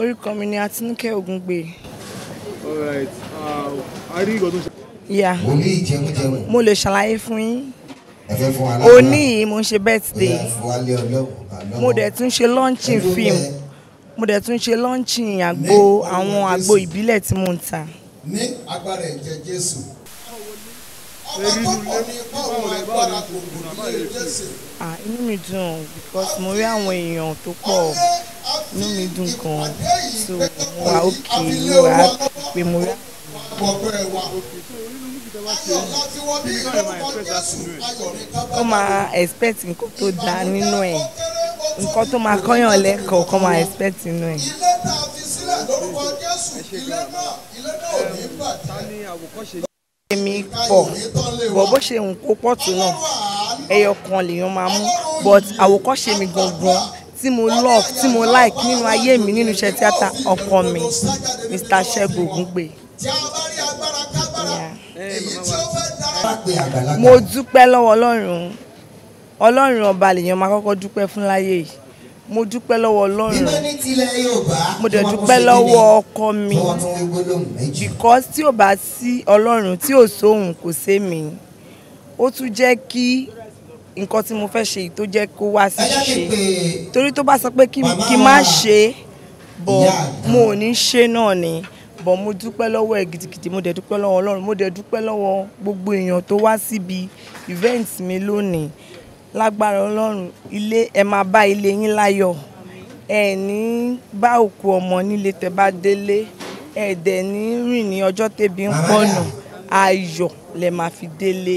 orúkọ mi ni Àtinúkẹ́ Ògúngbè. all right uh, a rí ìgbọ́dún. yà mo lè ṣàlàyé fún yín òní yìí mo ń ṣe birthday mo dẹ̀ tún ṣe launching film mo dẹ̀ tún ṣe launching àgbo àwọn àgbo ìbílẹ̀ tí mo ń ta. ní agbára ẹ̀jẹ̀ Jésù ah, inú mi dùn because mo rí àwọn èèyàn tó pọ̀ inú mi dùn gan so mo wà òkè mo wà á pé mo rí ó máa expect nǹkan tó dáa nínú ẹ̀ nǹkan tó máa kọ́yàn lẹ́kọ̀ọ́ kan máa expect nínú ẹ̀. èmi pọ̀ bọ̀ bó ṣe ń kó pọ̀ tó náà ẹyọ kan lèèyàn máa mú but àwòkọ́ṣe mi gangan tí mo love tí mo like nínú ayé mi nínú iṣẹ́ tíátà ọkọ mi Mr. Ṣẹ́gun Ògúngbè. mo dúpẹ́ lọ́wọ́ Ọlọ́run Ọlọ́run ọba lèèyàn máa kọ́kọ́ dúpẹ́ fún láyé yìí mo dúpẹ́ lọ́wọ́ Ọlọ́run mo dẹ̀ dúpẹ́ lọ́wọ́ ọkọ mi because tí ò bá sí Ọlọ́run tí ò sóhun kò sémi ó tún jẹ́ kí nǹkan tí mo fẹ́ ṣe yìí tó jẹ́ kó wá sí ṣe torí tó bá sọ pé kí n má ṣe é bọ̀ mo ò ní ṣe náà ni bọ̀ mo dúpẹ́ lọ́wọ́ ẹ̀ gidigidi mo dẹ̀ dúpẹ́ lọ́wọ́ ọlọ́run mo dẹ̀ dúpẹ́ lọ́wọ́ gbogbo èèyàn tó wá síbi event mi lónìí lágbára ọlọ́run ilé ẹ máa bá ilé yín láyọ̀ ẹ ní bá òkú ọmọ nílé tẹ bá délé ẹ dẹ̀ ní rìn ní ọjọ́ tẹ́bi ń pọ̀nà ayọ̀ lẹ máa fi délé.